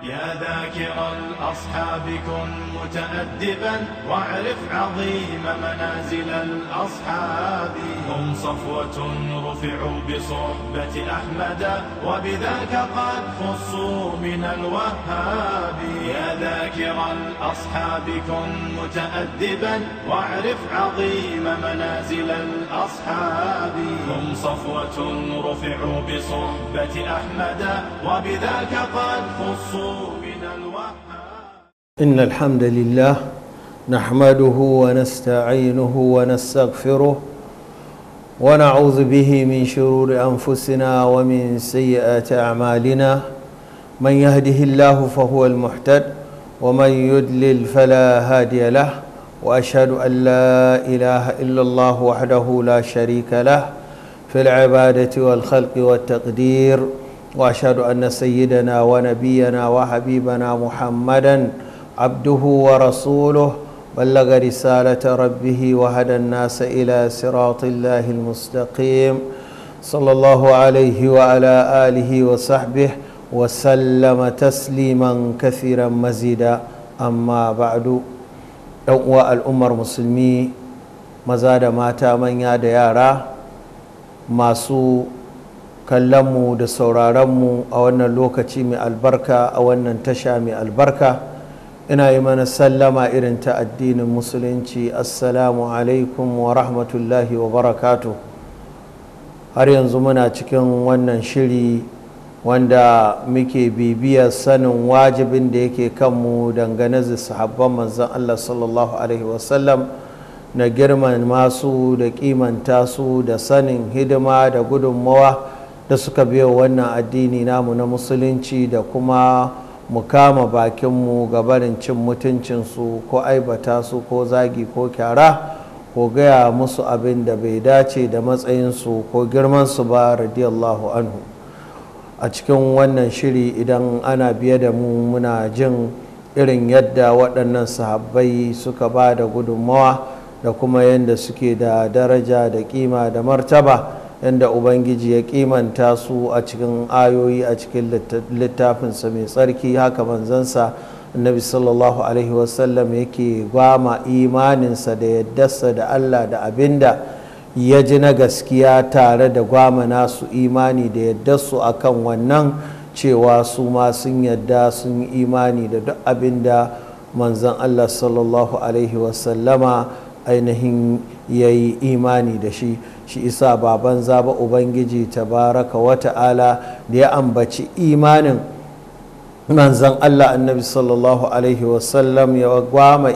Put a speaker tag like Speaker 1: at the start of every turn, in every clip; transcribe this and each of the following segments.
Speaker 1: يا ذاكر الأصحاب كن متأدبا واعرف عظيم منازل الأصحاب هم صفوة رفعوا بصحبة أحمد وبذاك قد خصوا من الوهاب يا ذاكر الأصحاب كن متأدبا واعرف عظيم منازل الأصحاب هم صفوة رفعوا بصحبة أحمد وبذاك قد إن الحمد لله نحمده ونستعينه ونستغفره ونعوذ به من شرور أنفسنا ومن سيئات أعمالنا من يهده الله فهو المحتد ومن يدلل فلا هادي له وأشهد أن لا إله إلا الله وحده لا شريك له في العبادة والخلق والتقدير واشهد ان سيدنا ونبينا وحبيبنا محمدا عبده ورسوله بلغ رساله ربه وهدى الناس الى صراط الله المستقيم صلى الله عليه وعلى اله وصحبه وسلم تسليما كثيرا مزيدا اما بعد الامه المسلمين maza da mata manya da yara masu kallonmu da sauraronmu a wannan lokaci mai albarka a wannan tasha mai albarka ina yi mana sallama irin ta addinin musulunci assalamu alaikum wa rahmatullahi wa barakatu har yanzu muna cikin wannan shiri wanda muke bibiya sanin wajibin da yake kanmu dangane da sahabban manzan allah sallallahu alaihi wasallam na girman masu da kimanta su da sanin hidima da gudunmawa da suka biyo wannan addini namu na musulunci da kuma mu kama bakinmu ga barin cin mutuncinsu ko aibata su ko zagi ko kyara ko gaya musu abin da bai dace da matsayinsu ko girmansu ba radiyallahu anhu a cikin wannan shiri idan ana biye da mu muna jin irin yadda waɗannan sahabbai suka ba da gudunmawa da kuma yadda suke da daraja da kima da martaba. inda ubangiji ya kimanta su a cikin ayoyi a cikin littafinsa mai tsarki haka manzansa annabi sallallahu alaihi wasallam yake gwama imaninsa da yaddarsa da allah da abinda ya ji na gaskiya tare da gwama nasu imani da yaddarsu akan wannan cewa su ma sun yadda sun yi imani da duk abinda manzan allah sallallahu alaihi wasallama ainihin ya yi imani da shi shi isa baban zaba ubangiji tabaraka ala da ya ambaci imanin manzan allah annabi sallallahu alaihi wasallam ya gwama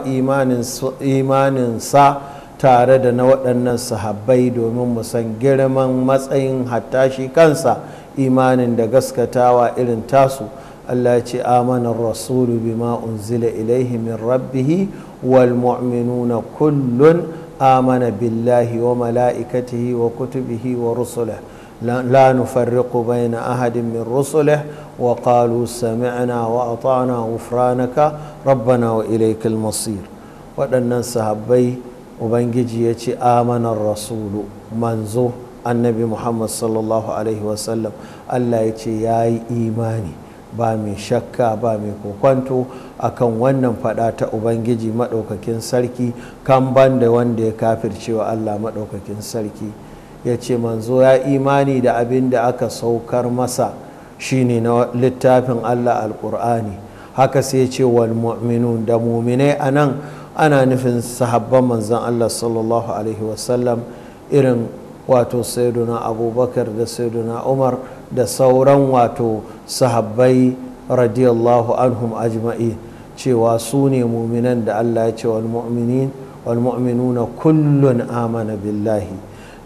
Speaker 1: imaninsa tare da na waɗannan sahabbai domin mu san girman matsayin hatta shi kansa imanin da gaskatawa irin tasu Allah ce amanar rasulu bima unzila ilaihi min rabbihi wal mu'minuna kullun آمن بالله وملائكته وكتبه ورسله لا نفرق بين أحد من رسله وقالوا سمعنا وأطعنا غفرانك ربنا وإليك المصير waɗannan sahabbai ubangiji ya ce amanar rasulu manzo annabi muhammad sallallahu allah ya ce ya yi imani ba mai shakka ba mai kokwanto akan wannan fada ta ubangiji maɗaukakin sarki kan banda wanda ya kafircewa allah maɗaukakin sarki ya ce manzo ya imani da abin da aka saukar masa shine na littafin allah alkur'ani haka sai ya ce wal mu'minun da muminai a nan ana nufin sahabban manzan allah sallallahu alaihi wasallam irin wato sayyiduna abubakar da sayyiduna umar da sauran wato sahabbai radiyallahu anhum ajma'i cewa su ne muminan da Allah ya ce wal kullun amana billahi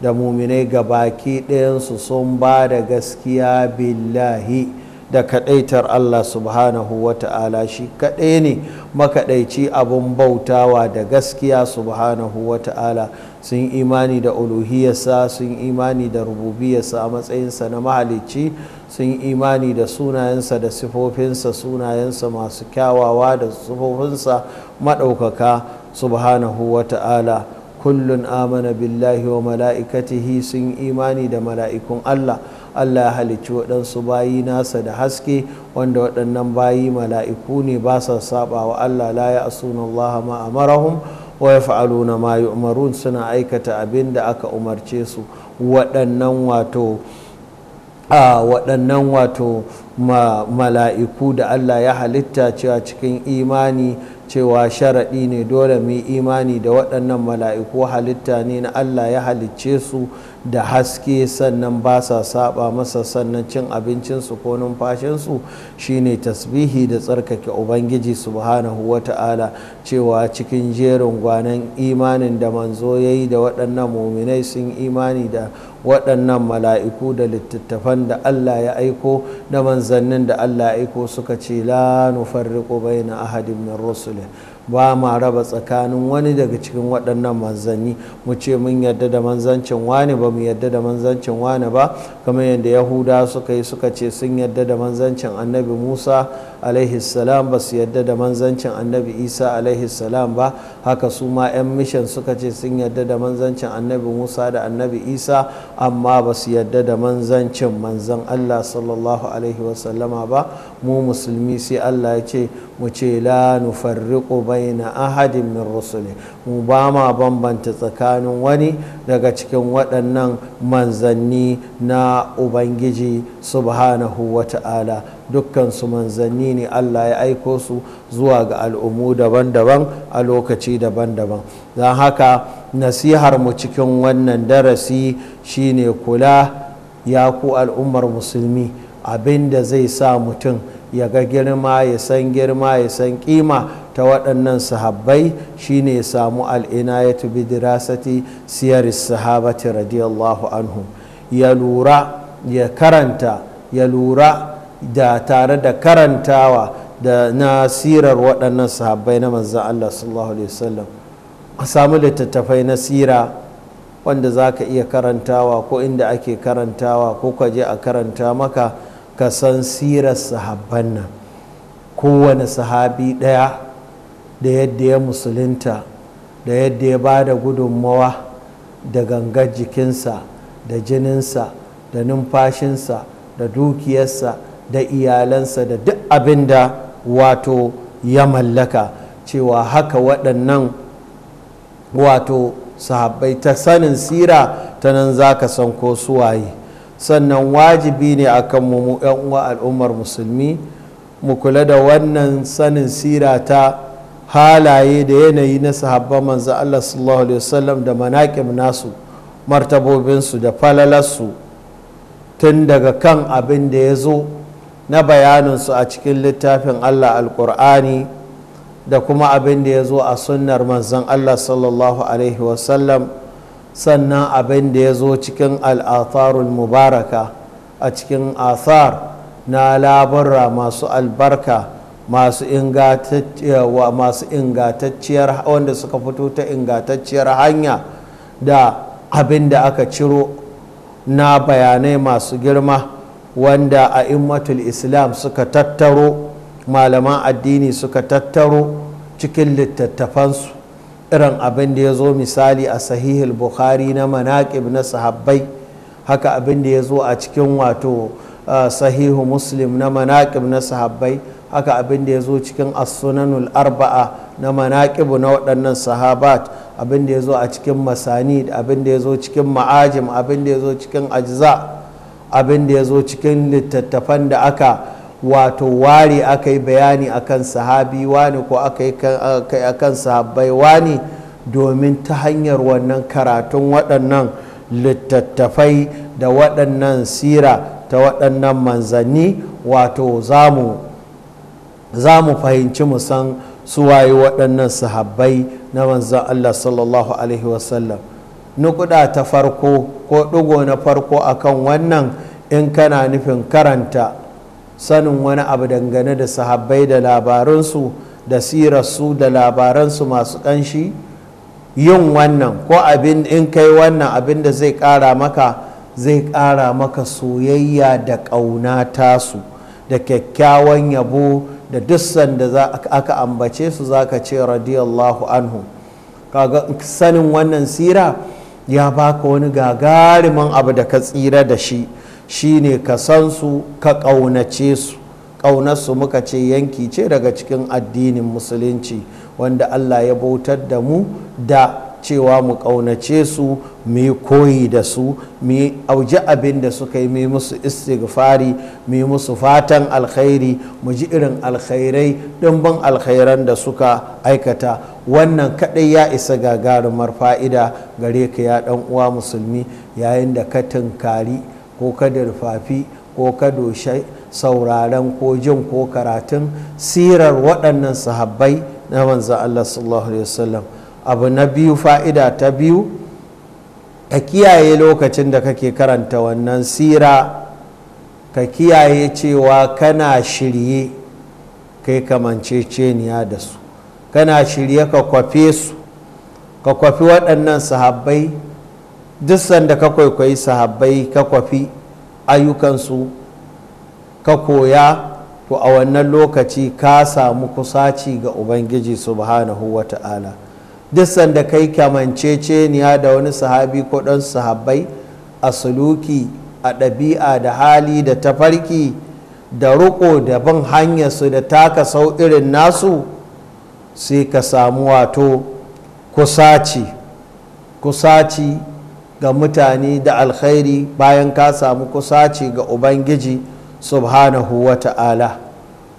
Speaker 1: da muminai gabaki ɗayansu sun ba da gaskiya billahi da kaɗaitar Allah subhanahu wa ta'ala shi kaɗai ne makaɗaici abin bautawa da gaskiya subhanahu wa ta'ala sun imani da uluhiyarsa sun imani da rububiyarsa a matsayinsa na mahalicci sun imani da sunayensa da sifofinsa sunayensa masu kyawawa da sifofinsa maɗaukaka subhanahu wa ta'ala kullun amana billahi wa mala'ikatihi sun imani da mala'ikun Allah Allah ya halicci waɗansu bayi nasa da haske wanda waɗannan bayi mala'iku ne ba sa saba wa Allah la ya asuna Allah ma amarahum wa yaf'aluna ma yu'marun suna aikata abin da aka umarce su waɗannan wato a waɗannan wato mala'iku da Allah ya halitta cewa cikin imani cewa sharaɗi ne dole mu imani da waɗannan mala'iku halitta ne na Allah ya halicce su da haske sannan ba sa saba masa sannan cin abincinsu ko numfashinsu shine tasbihi da tsarkake ubangiji subhanahu wata'ala cewa cikin jerin gwanan imanin da manzo ya yi da waɗannan muminai sun imani da waɗannan mala'iku da littattafan da Allah ya aiko da manzannin da Allah ya aiko suka ce la bai baina ahadin min rusulih ba ma raba tsakanin wani daga cikin waɗannan manzanni mu ce mun yadda da manzancin wani ba mu yadda da manzancin wani ba kamar yadda yahuda suka yi suka ce sun yadda da manzancin annabi musa alaihi salam ba su yadda da manzancin annabi isa alaihi salam ba haka su ma 'yan mishan suka ce sun yadda da manzancin annabi musa da annabi isa amma ba su yadda da manzancin manzan Allah sallallahu alaihi wasallama ba mu musulmi sai Allah ya ce mu ce la nufarriqu baina ahadin min rusuli mu ba ma bambanta tsakanin wani daga cikin waɗannan manzanni na ubangiji subhanahu wa ta'ala dukkansu manzanni ne allah ya aiko su zuwa ga al'ummu daban-daban a lokaci daban-daban don haka nasihar mu cikin wannan darasi shine kula ya ku al'ummar musulmi abinda zai sa mutum ya ga girma ya san girma ya san kima ta waɗannan sahabbai shine ya samu ya tubi dirasati siyar sahabati radiyallahu anhu ya lura ya karanta ya lura da tare da karantawa da nasirar waɗannan sahabbai na manzan Allah sallallahu alaihi wasallam a samu littattafai na sira wanda za ka iya karantawa ko inda ake karantawa ko ka je a karanta maka ka san sirar sahabban nan kowane sahabi ɗaya da yadda ya musulunta da yadda ya ba da gudunmawa da gangar jikinsa da jininsa da numfashinsa da dukiyarsa da iyalansa da duk abin da wato ya mallaka cewa haka waɗannan wato sahabbai ta sanin sira ta nan za ka san ko suwaye sannan wajibi ne a kan mu uwa al'ummar musulmi mu kula da wannan sanin sira ta halaye da yanayi na sahabban manzo Allah sallallahu alaihi wasallam da manaƙib nasu martabobinsu da falalarsu tun daga kan abin da ya zo na bayaninsu a cikin littafin allah alkur'ani da kuma abin da ya zo a sunnar manzon allah sallallahu alaihi wasallam sannan abin da ya zo cikin al'atharul mubaraka a cikin athar na labarra masu albarka masu ingatacciyar wanda suka fito ta ingatacciyar hanya da abin da aka ciro na bayanai masu girma wanda a immatul islam suka tattaro malaman addini suka tattaro cikin littattafansu irin abin da ya zo misali a sahihul bukhari na manaƙib na sahabbai haka abin da ya zo a cikin wato sahihu muslim na manaƙib na sahabbai haka abin da ya zo cikin as-sunanul arba'a na manaƙib na waɗannan sahabat abin da ya zo a cikin masanid abin da ya zo cikin ma'ajim abin da ya zo cikin ajza' abin da ya zo cikin littattafan da aka wato ware aka yi bayani akan sahabi wani ko aka yi akan sahabbai wani domin ta hanyar wannan karatun waɗannan littattafai da waɗannan sira ta waɗannan manzanni wato za mu fahimci mu san suwaye waɗannan sahabai na manzan Allah sallallahu Alaihi wasallam nukuda ta farko ko ɗigo na farko akan wannan in kana nufin karanta sanin wani abu dangane da sahabbai da labaransu da sirarsu da labaransu masu ƙanshi yin wannan ko abin in kai wannan abin da zai ƙara maka zai ƙara maka soyayya da ƙauna tasu da kyakkyawan yabo da duk sanda aka ambace su zaka ce radiyallahu anhu kaga sanin wannan sira ya baka wani gagariman abu da ka tsira da shi shine ka san su ka ƙaunace su su muka ce yanki ce daga cikin addinin musulunci wanda allah ya bautar da mu da cewa mu ƙaunace su mu yi koyi da su mu yi auji abin da suka yi mu yi musu istighfari mu yi musu fatan alkhairi mu ji irin alkhairai ɗumbin alkhairan da suka aikata wannan kaɗai ya isa gagarumar fa'ida gare ka ya ɗan uwa musulmi yayin da ka tunkari ko ka dirfafi ko ka doshe sauraren ko jin ko karatun sirar waɗannan sahabbai na manzan Allah sallallahu alaihi wasallam abu na biyu fa'ida ta biyu ka kiyaye lokacin da kake karanta wannan sira ka kiyaye cewa kana shirye kai kamanceceniya da su kana shirye ka kwafe su ka kwafi waɗannan sahabbai duk sanda ka kwaikwayi sahabbai ka kwafi ayyukansu ka koya to a wannan lokaci ka samu kusaci ga ubangiji subhanahu wa ta'ala duk sanda kai kamanceceniya da wani sahabi ko ɗan sahabbai a suluki a ɗabi'a da hali da tafarki da riƙo da bin su da taka sau irin nasu sai ka samu wato kusaci kusaci ga mutane da alkhairi bayan ka samu kusaci ga ubangiji subhanahu wa ta'ala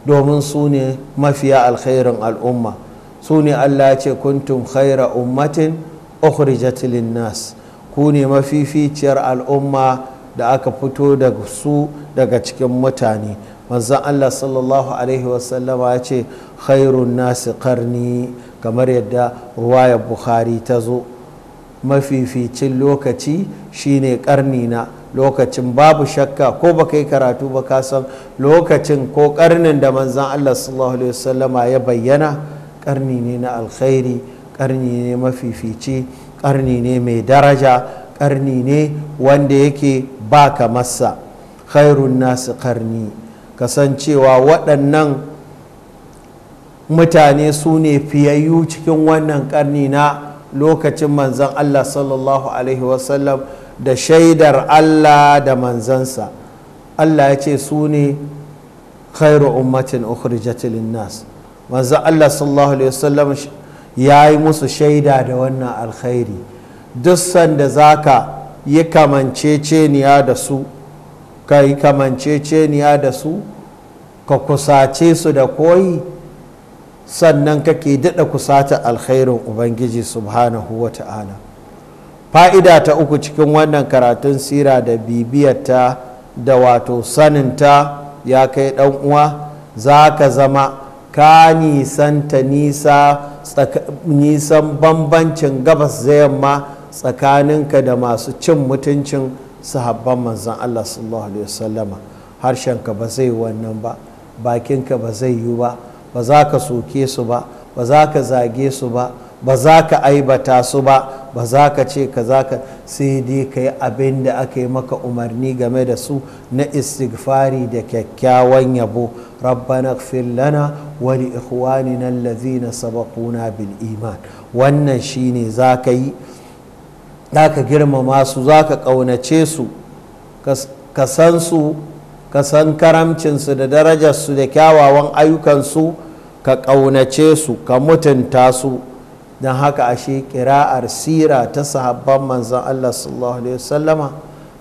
Speaker 1: domin su ne mafiya alkhairin al'umma su ne allah ce kuntum khaira ummatin ukhrijat nas ku ne mafificiyar al'umma da aka fito da su daga cikin mutane manzan allah sallallahu alaihi wasallama ya ce khairun nasi karni kamar yadda ruwayar bukhari ta zo mafificin lokaci shine karni na lokacin babu shakka ko ba kai karatu ba kasan lokacin ko karnin da manzan allah sallallahu alaihi wasallama ya bayyana ƙarni ne na alkhairi ƙarni ne mafifici ƙarni ne mai daraja ƙarni ne wanda yake ba kamarsa khairun nasu ƙarni kasancewa waɗannan mutane su ne fiyayyu cikin wannan ƙarni na lokacin manzan allah sallallahu alaihi wasallam da shaidar allah da manzansa allah ya ce su ne khairu ummatin ukhrijat nas manzon Allah sallallahu alaihi wasallam ya yi musu shaida da wannan alkhairi duk sanda zaka yi kamanceceniya da su ka yi kamanceceniya da su ka kusace su da koyi sannan kake daɗa kusata alkhairin ubangiji subhanahu wa ta'ala fa'ida ta uku cikin wannan karatun sira da bibiyarta da wato saninta ya kai uwa za ka zama ka nisanta nisan bambancin gabas da yamma tsakaninka da masu cin mutuncin sahabban manzan Allah sallallahu alaihi wasallama harshenka ba zai wannan ba bakinka ba zai yi ba ba za ka soke su ba ba za ka zage su ba ba za ka aibata su ba ba za ka ce ka za ka sai dai ka yi abin da aka yi maka umarni game da su na istighfari da kyakkyawan yabo rabbana lana wani ikhwanina allazina sabaquna bil iman wannan shine za ka yi za ka girmama su za ka kaunace su ka san su ka san karamcinsu da darajarsu da kyawawan ayyukansu ka kaunace su ka mutunta su don haka ashe kira'ar sira ta sahabban manzan Allah sallallahu alaihi wasallama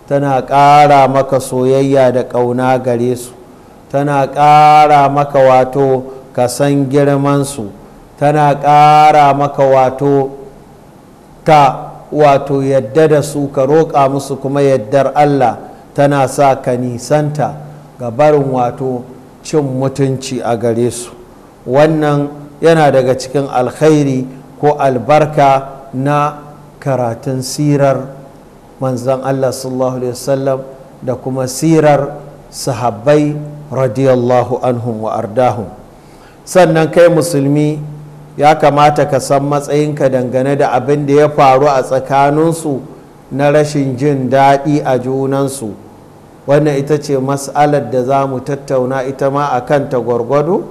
Speaker 1: tana ƙara maka soyayya da ƙauna gare su tana ƙara maka wato ka san girmansu tana ƙara maka wato ka wato yadda da su ka roƙa musu kuma yaddar Allah tana sa ka nisanta ga barin wato cin mutunci a gare su wannan yana daga cikin alkhairi ko albarka na karatun sirar manzan Allah sallallahu alaihi wasallam da kuma sirar sahabbai radiyallahu anhum wa ardahum sannan kai musulmi ya kamata ka san matsayinka dangane da abin da ya faru a tsakaninsu na rashin jin daɗi a junansu wannan ita ce mas'alar da za mu tattauna ita ma a kanta gwargwado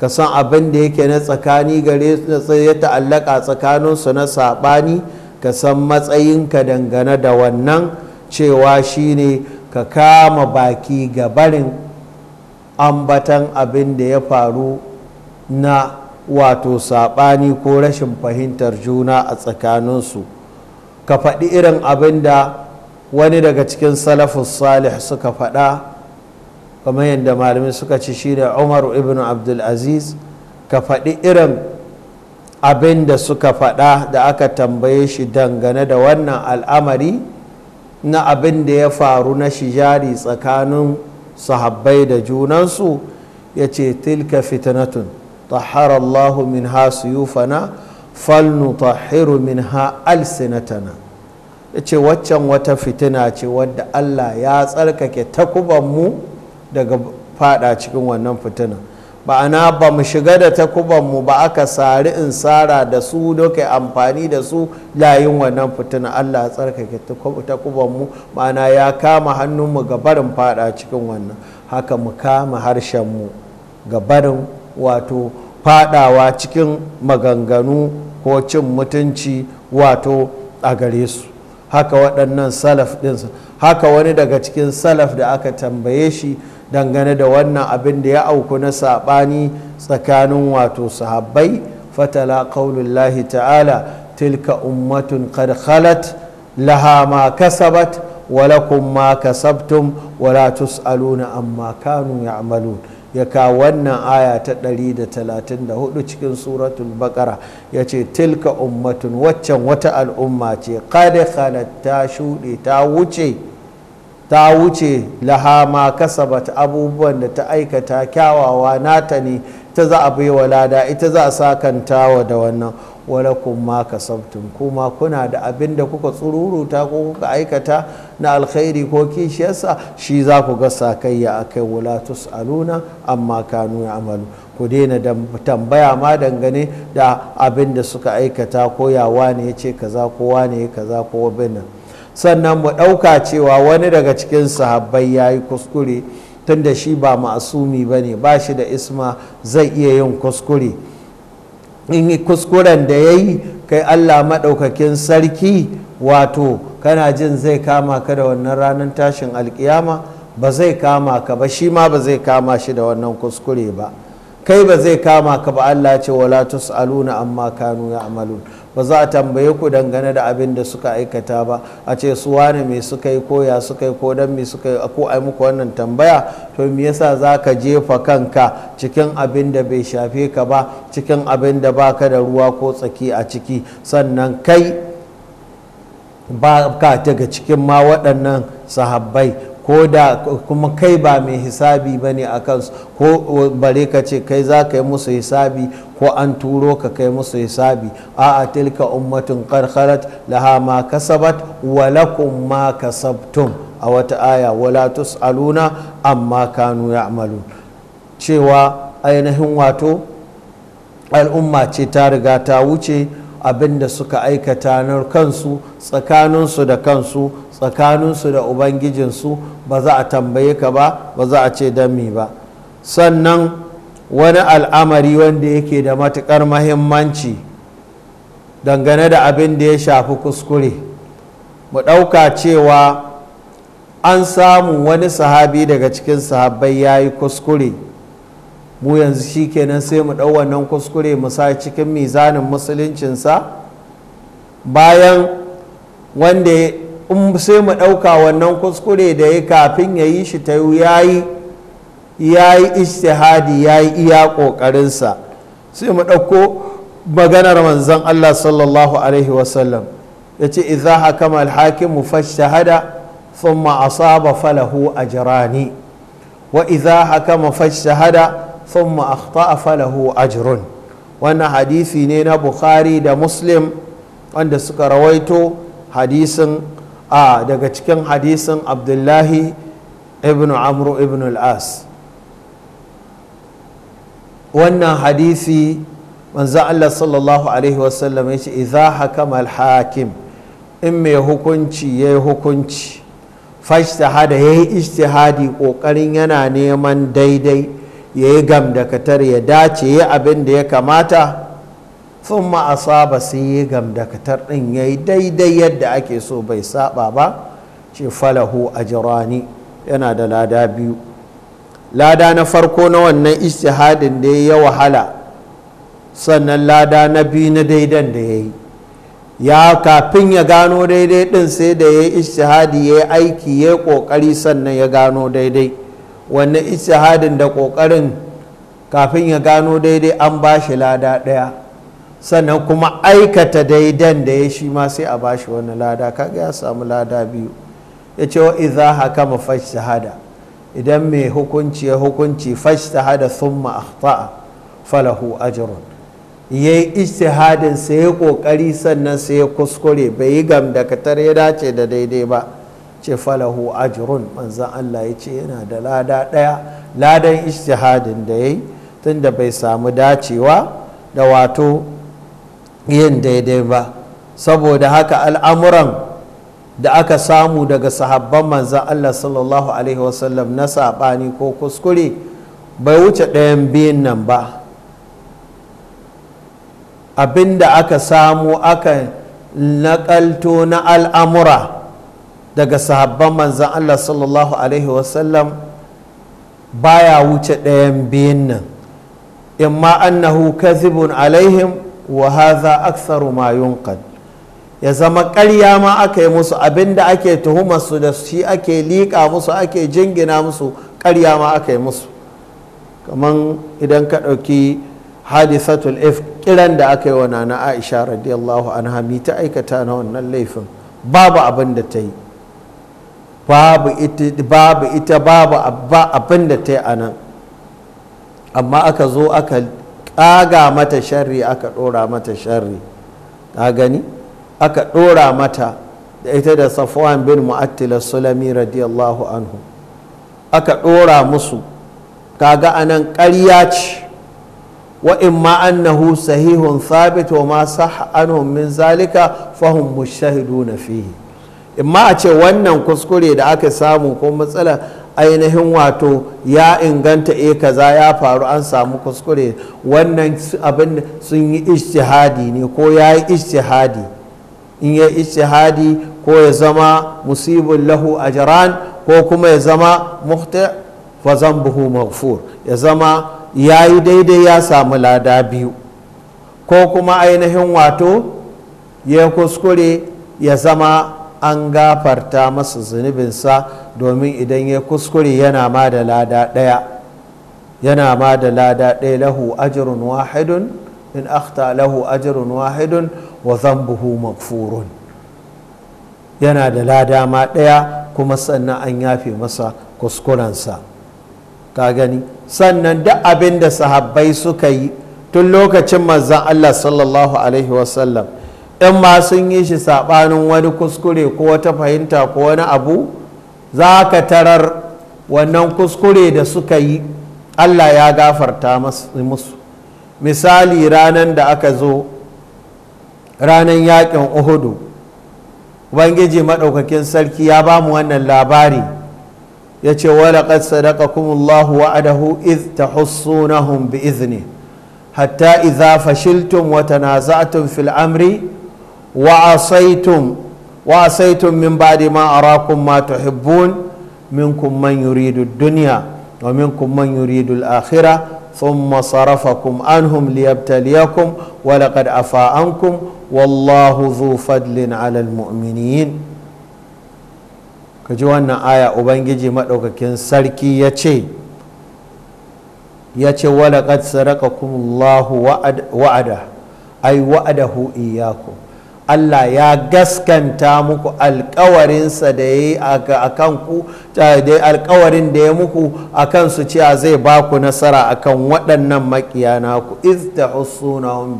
Speaker 1: ka san abin da yake na tsakani gare ya ta'allaka tsakaninsu na saɓani ka san matsayinka dangane da wannan cewa shine ka kama baki ga barin ambatan abin da ya faru na wato saɓani ko rashin fahimtar juna a tsakaninsu ka faɗi irin abin da wani daga cikin salafus salih suka faɗa kamar yadda malamai suka ci shi da umar ibn abdulaziz ka faɗi irin abin da suka faɗa da aka tambaye shi dangane da wannan al'amari na abin da ya faru na shijari tsakanin sahabbai da junansu ya ce tilka fitnatun tahara Allahu min ha su suyufana hiru min ha alsinatana ya ce waccan wata fitina ce wadda Allah ya tsarkake takubanmu mu daga fada cikin wannan fitina ba'ana ba mu shiga da takubanmu ba aka sari in sara da su doke amfani da su layin wannan fitina allah ya tsarkake takubanmu ma'ana ya kama hannunmu ga barin fada cikin wannan haka mu kama harshenmu ga barin wato fadawa cikin maganganu ko cin mutunci wato a gare su haka waɗannan salaf ɗinsu haka wani daga cikin salaf da aka tambaye shi dangane da wannan abin da ya auku na saɓani tsakanin wato sahabbai fatala qaulullahi ta'ala tilka ummatun qad khalat laha ma kasabat wa lakum ma kasabtum wala tus'aluna amma kanu ya'malun ya kawo wannan aya ta 134 cikin suratul baqara ya ce tilka ummatun waccan wata al'umma ce qad khalat ta shuɗe ta wuce ta wuce lahama kasabat abubuwan da ta aikata kyawawa nata ne ta za a baiwa lada ita za a sakantawa da wannan wala ma kasabtum kuma kuna da abin da kuka tsururuta ko kuka aikata na alkhairi ko kishiyarsa shi za ku ga sakayya a kai wula tus'aluna amma kanu amalu ku daina tambaya ma dangane da abin da suka aikata ko ya wane ya ce kaza ko wane kaza ko abin sannan mu ɗauka cewa wani daga cikin sahabbai ya yi kuskure tunda shi ba ma'asumi ba ne ba shi da isma zai iya yin kuskure in yi kuskuren da ya yi kai allah maɗaukakin sarki wato kana jin zai kama ka da wannan ranar tashin alkiyama ba zai kama ka ba shi ma ba zai kama shi da wannan kuskure ba kai ba zai kama ka ba Allah ce wala tus'aluna amma kanu ya'malun ba za a tambaye ku dangane da abin da suka aikata ba a ce su wane me suka yi ko ya suka yi ko dan me suka yi ko ai muku wannan tambaya to me yasa za ka jefa kanka cikin abin da bai shafe ka ba cikin abin da baka da ruwa ko tsaki a ciki sannan kai ba ka daga cikin ma waɗannan sahabbai ko da kuma kai ba mai hisabi ba ne a kansu ko bare ka ce kai za ka yi musu hisabi ko an turo ka kai musu hisabi a a tilka ummatun karkarat laha ma kasabat walakum ma kasabtum a wata aya walatus tus'aluna amma kanu ya'malu cewa ainihin wato al'umma ce ta riga ta wuce abin da suka aikata na kansu tsakaninsu da kansu tsakaninsu da ubangijinsu ba za a tambaye ka ba ba za a ce don mi ba sannan wani al'amari wanda yake da matukar mahimmanci dangane da abin da ya shafi kuskure mu ɗauka cewa an samu wani sahabi daga cikin sahabbai ya yi kuskure mu yanzu shi kenan sai mu ɗau wannan kuskure mu sa cikin mizanin musuluncinsa bayan wanda in sai mu ɗauka wannan kuskure da ya kafin ya yi shi ta ya yi ya yi istihadi ya yi iya ƙoƙarinsa sai mu ɗauko maganar manzon Allah sallallahu alaihi wasallam ya ce idza hakama alhakim fashtahada thumma asaba falahu ajrani wa idza hakama fashtahada thumma akhta'a falahu ajrun wannan hadisi ne na Bukhari da Muslim wanda suka rawaito hadisin a ah, daga cikin hadisin abdullahi ibn amru ibn al wannan hadisi manzan Allah sallallahu alaihi wasallam ya ce iza hakama al-hakim in mai hukunci ya yi hukunci hada fashtahada yayi ijtihadi kokarin yana neman daidai ya yayi gamdakatar ya dace ya abin da ya kamata sun ba sai yi gamdakatar ɗin ya yi daidai yadda ake so bai saba ba ce falahu a jirani yana da lada biyu lada na farko na wannan istihadin da ya wahala sannan lada na biyu na daidan da ya yi ya kafin ya gano daidai ɗin sai da ya yi istihadi ya yi aiki ya yi ƙoƙari sannan ya gano daidai wannan istihadin da ƙoƙarin kafin ya gano daidai an ba shi lada ɗaya sannan kuma aikata daidan da ya shi ma sai a bashi wani lada kaga ya samu lada biyu ya ce wa idza hakama hada idan mai hukunci ya hukunci fashtahada thumma akhta'a falahu ajrun yayi ijtihadin sai ya kokari sannan sai ya kuskure bai yi katar ya dace da daidai ba ce falahu ajrun manzan Allah ya ce yana da lada daya ladan ijtihadin da yayi tunda bai samu dacewa da wato yin daidai ba saboda haka al'amuran da aka samu daga sahabban manzan Allah sallallahu alaihi wasallam na saɓani ko kuskure bai wuce ɗayan biyun nan ba abinda aka samu aka naƙalto na al'amura daga sahabban manzan Allah sallallahu alaihi wasallam baya wuce ɗayan biyun nan in ma annahu kazibun alaihim wa haza aksaru ma ya zama karya ma aka yi musu abinda ake tuhuma su da shi ake liƙa musu ake jingina musu karya ma aka yi musu kamar idan ka ɗauki hadisatul if kiran da aka yi wa nana aisha radiyallahu anha mi ta aikata na wannan laifin babu abin da ta yi babu ita babu abin da ta yi a nan amma aka zo aka ƙaga mata sharri aka ɗora mata sharri ka gani aka ɗora mata da ita da safwan bin mu'attila sulami radiyallahu anhu aka ɗora musu kaga anan ƙarya ce wa in ma annahu sahihun thabit wa ma sah anhum min zalika fahum mushahiduna fihi ma a ce wannan kuskure da aka samu ko matsala ainihin wato ya inganta e kaza ya faru an samu kuskure wannan abin sun yi ishtihadi ne ko ya yi ishtihadi in ya ishtihadi ko ya zama musibin lahu a jiran ko kuma ya zama muhti fa zambuhu maghfur ya zama ya yi daidai ya samu lada biyu ko kuma ainihin wato ya kuskure ya zama an gafarta masa zunubinsa domin idan ya kuskure yana ma da lada ɗaya yana ma da lada ɗaya lahu ajirun wahidun in akhta lahu ajirun wahidun wa zambuhu makfurun yana da lada ma ɗaya kuma sannan an yafe masa kuskurensa ka gani sannan duk abin da sahabbai suka yi tun lokacin manzan allah sallallahu alaihi wasallam in ma sun yi shi saɓanin wani kuskure ko wata fahimta ko wani abu za ka tarar wannan kuskure da suka yi allah ya gafarta musu misali ranar da aka zo ranar yakin uhudu ubangiji maɗaukakin sarki ya ba mu wannan labari ya ce walaƙad wa wa'adahu iz tahussunahum bi izni hatta idza fashiltum wa tanaza'tum fil amri وعصيتم وعصيتم من بعد ما أراكم ما تحبون منكم من يريد الدنيا ومنكم من يريد الآخرة ثم صرفكم عنهم ليبتليكم ولقد عفا عنكم والله ذو فضل على المؤمنين kaji wannan aya ubangiji maɗaukakin sarki ya ce ya ce walaƙad sadaqakumullahu wa'ada ai wa'adahu iyyakum Allah ya gaskanta muku alkawarinsa da ya yi a kanku alkawarin da ya muku a kansu cewa zai ba ku nasara a kan waɗannan makiya naku iz ta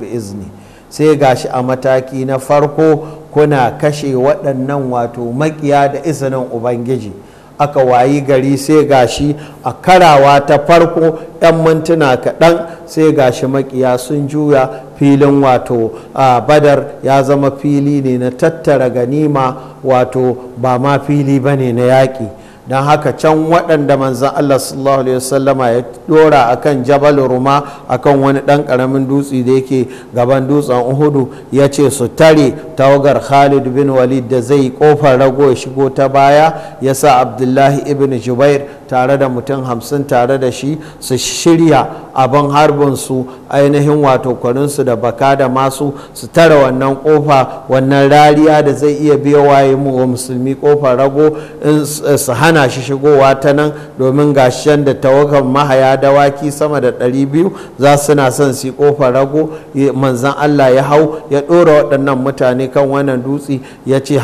Speaker 1: bi izni sai gashi a mataki na farko kuna kashe waɗannan wato maƙiya da izinin ubangiji aka wayi gari sai gashi a karawa ta farko 'yan mintuna kaɗan sai gashi makiya sun juya filin wato a badar ya zama fili ne na tattara ganima wato ba ma fili ba ne na yaƙi don haka can waɗanda manzan Allah sallallahu alaihi wasallama ya dora kan jabal ruma a kan wani ɗan ƙaramin dutse da yake gaban dutsen uhudu ya ce su tare tawagar khalid bin walid da zai ƙofar rago ya shigo ta baya ya sa abdullahi ibn jubair tare da mutum hamsin tare da shi su shirya abin harbin su ainihin wato kwaninsu da baka da masu su tara wannan kofa wannan rariya da zai iya biyo waye wa musulmi kofar rago in su hana shi shigowa ta nan domin gashen da tawakan mahaya dawaki sama da ɗari biyu za su na son su kofar rago manzan Allah ya hau ya ɗora waɗannan mutane kan wannan dutse ya ce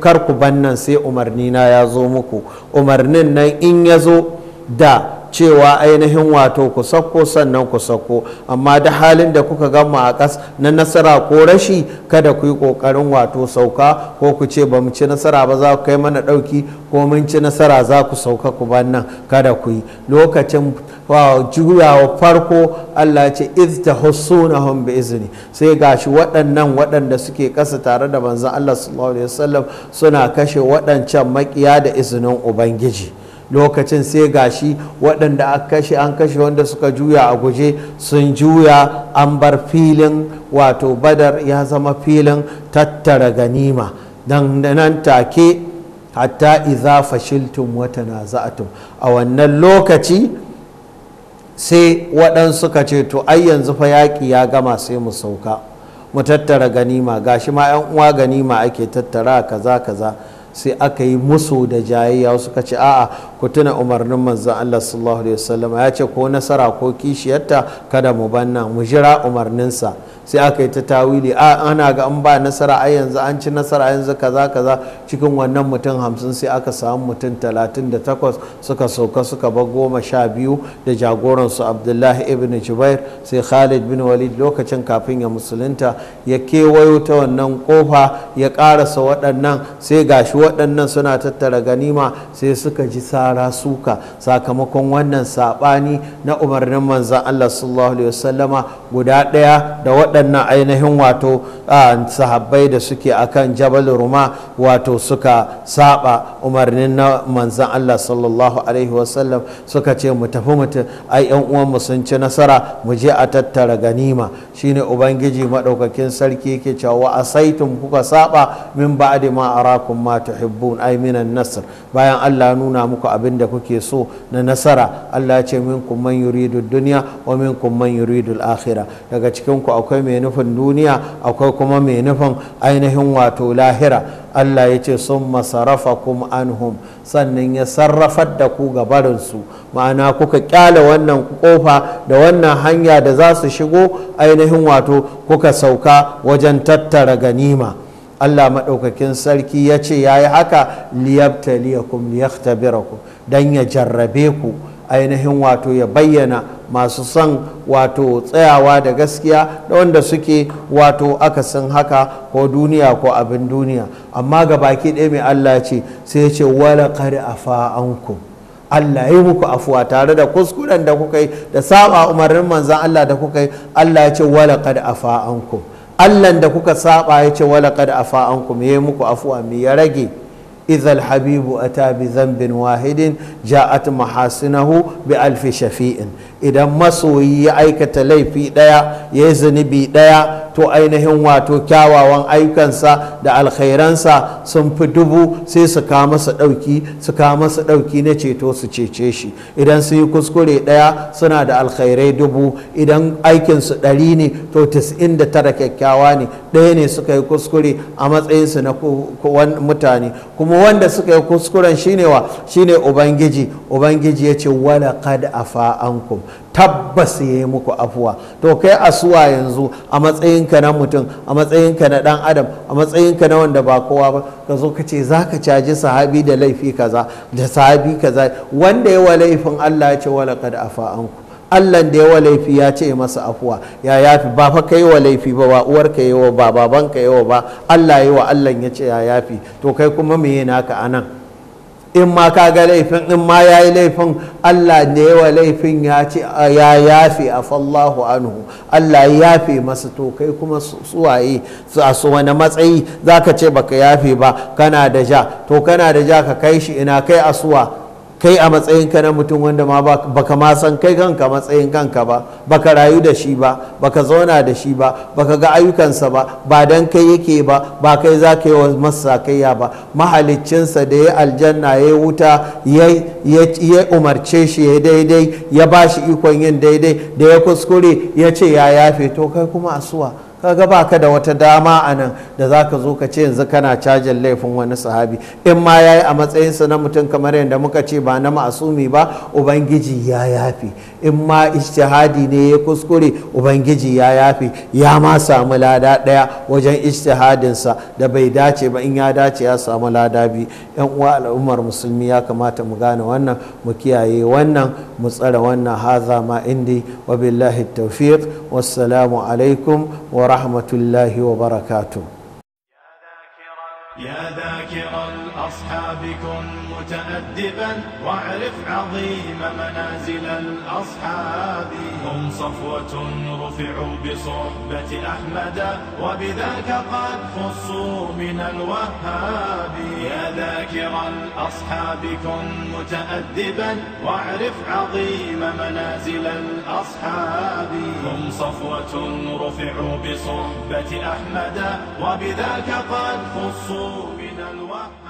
Speaker 1: kar ku bannan sai umarni na ya zo muku umarnin nan in ya zo zo da cewa ainihin wato ku sakko sannan ku sakko amma da halin da kuka gama a ƙas na nasara ko rashi kada ku yi ƙoƙarin wato sauka ko ku ce ba mu ci nasara ba za ku kai mana ɗauki ko mun ci nasara za ku sauka ku ban nan kada ku yi lokacin juyawa farko Allah ce iz tahussunahum bi izni sai gashi waɗannan waɗanda suke ƙasa tare da manzon Allah sallallahu alaihi wasallam suna kashe waɗancan makiya da izinin ubangiji lokacin sai gashi waɗanda aka kashe an kashe wanda suka juya a guje sun juya an bar filin wato badar ya zama filin tattara ganima don nan take hatta iza fashiltum wata na za'atum a wannan lokaci sai waɗansu ka ce to ai yanzu fa yaƙi ya gama sai mu sauka mu tattara ganima gashi ma 'yan uwa ganima ake tattara kaza kaza sai aka yi musu da jayayya suka ce a'a ku tuna umarnin manzon Allah sallallahu alaihi wasallam ya ce ko nasara ko kishiyarta kada mu banna mu jira umarninsa sai aka yi ta tawili a ana ga an ba nasara a yanzu an ci nasara a yanzu kaza kaza cikin wannan mutum hamsin sai aka samu mutum talatin da takwas suka sauka suka bar goma sha biyu da jagoransu abdullahi ibn jubair sai khalid bin walid lokacin kafin ya musulunta ya kewayo ta wannan kofa ya karasa waɗannan sai gashi waɗannan suna tattara ganima sai suka ji sara suka sakamakon wannan saɓani na umarnin manzan allah sallallahu alaihi wasallama guda ɗaya da waɗannan waɗannan ainihin wato sahabbai da suke akan jabal ruma wato suka saba umarnin na manzan Allah sallallahu alaihi wasallam suka ce mu tafi mutum ai yan uwan mu sun ci nasara mu je a tattara ganima shine ubangiji madaukakin sarki yake cewa asaitum kuka saba min ba'di ma arakum ma tuhibbun ai minan nasr bayan Allah nuna muku abin da kuke so na nasara Allah ya ce minkum man yuridu dunya wa minkum man yuridu al-akhirah daga cikin ku akwai mai nufin duniya akwai kuma mai nufin ainihin wato lahira Allah ya ce sun masarafa kuma anhum sannan ya sarrafar da ku ga barinsu ma'ana kuka kyale wannan kofa da wannan hanya da za su shigo ainihin wato kuka sauka wajen tattara ganima. Allah maɗaukakin sarki ya ce ya yi haka liyabtaliyakum liyaktabirakum don ya jarrabe ku ainihin wato ya bayyana masu son wato tsayawa da gaskiya da wanda suke wato akasin haka ko duniya ko abin duniya amma ga baki ɗaya mai Allah ce sai ya ce wala kari a fa'anku Allah yi muku afuwa tare da kuskuren da kuka yi da saba umarnin manzan Allah da kuka yi Allah ya ce wala kari a fa'anku Allah da kuka saba ya ce wala kari afa ya yi muku afuwa mu ya rage إذا الحبيب أتى بذنب واحد جاءت محاسنه idan masoyi ya aikata laifi ليفي ديا يزني بي ديا to ainihin wato kyawawan ayyukansa da alkhairansa sun fi dubu sai su kawo masa ɗauki su kawo masa ɗauki na ceto su cece shi idan sun yi kuskure ɗaya suna da alkhairai dubu idan aikinsu ɗari ne to da tara kyakkyawa ne ɗaya ne suka yi kuskure a matsayinsu na mutane kuma wanda suka yi kuskuren shine wa shine ubangiji ubangiji ya ce wala kad afa ankum tabbas ya yi muku afuwa to kai asuwa yanzu a matsayinka na mutum a matsayinka na dan adam a matsayinka na wanda ba kowa ba ka zo ka ce za ka caji sahabi da laifi kaza da sahabi kaza wanda ya wa laifin allah ya ce wala kad afa ankum allah da yawa laifi ya ce masa afuwa ya yafi ba fa kai wa laifi ba ba uwarka yi wa ba babanka yi wa ba allah yi wa allah ya ce ya yafi to kai kuma yi naka anan in ma ka ga laifin in ma ya yi laifin allah da yawa laifin ya ce ya yafi afallahu anhu allah ya yafi masa to kai kuma suwaye su a su wani matsayi za ka ce baka yafi ba kana da ja to kana da ja ka kai shi ina kai asuwa kai a matsayin ka na mutum wanda ma baka ma san kai kanka matsayin kanka ba baka rayu da shi ba baka zauna da shi ba baka ga ayyukansa ba ba dan kai yake ba ba kai za ka yi wa masa kaiya ba mahaliccinsa da ya aljanna ya wuta ya umarce shi ya daidai ya ba shi ikon yin daidai da ya kuskure ya ce ya yafe to kai kuma asuwa kaga ba ka da wata dama a nan da za ka zo ka ce yanzu kana cajin laifin wani sahabi in ma ya yi a matsayinsa na mutum kamar yadda muka ce ba na ma'asumi ba ubangiji ya yafi in ma ishtihadi ne ya kuskure ubangiji ya yafi ya ma samu lada ɗaya wajen ijtihadinsa da bai dace ba in ya dace ya samu lada bi yan uwa al'ummar musulmi ya kamata mu gane wannan mu kiyaye wannan mu tsara wannan haza ma indi wa billahi tawfiq والسلام عليكم ورحمة الله وبركاته يا ذاكر الأصحاب كن متأدبا واعرف عظيم منازل الأصحاب صفوة رفعوا بصحبة أحمد وبذاك قد خصوا من الوهاب يا ذاكر الأصحاب كن متأدبا واعرف عظيم منازل الأصحاب هم صفوة رفعوا بصحبة أحمد وبذاك قد خصوا من الوهاب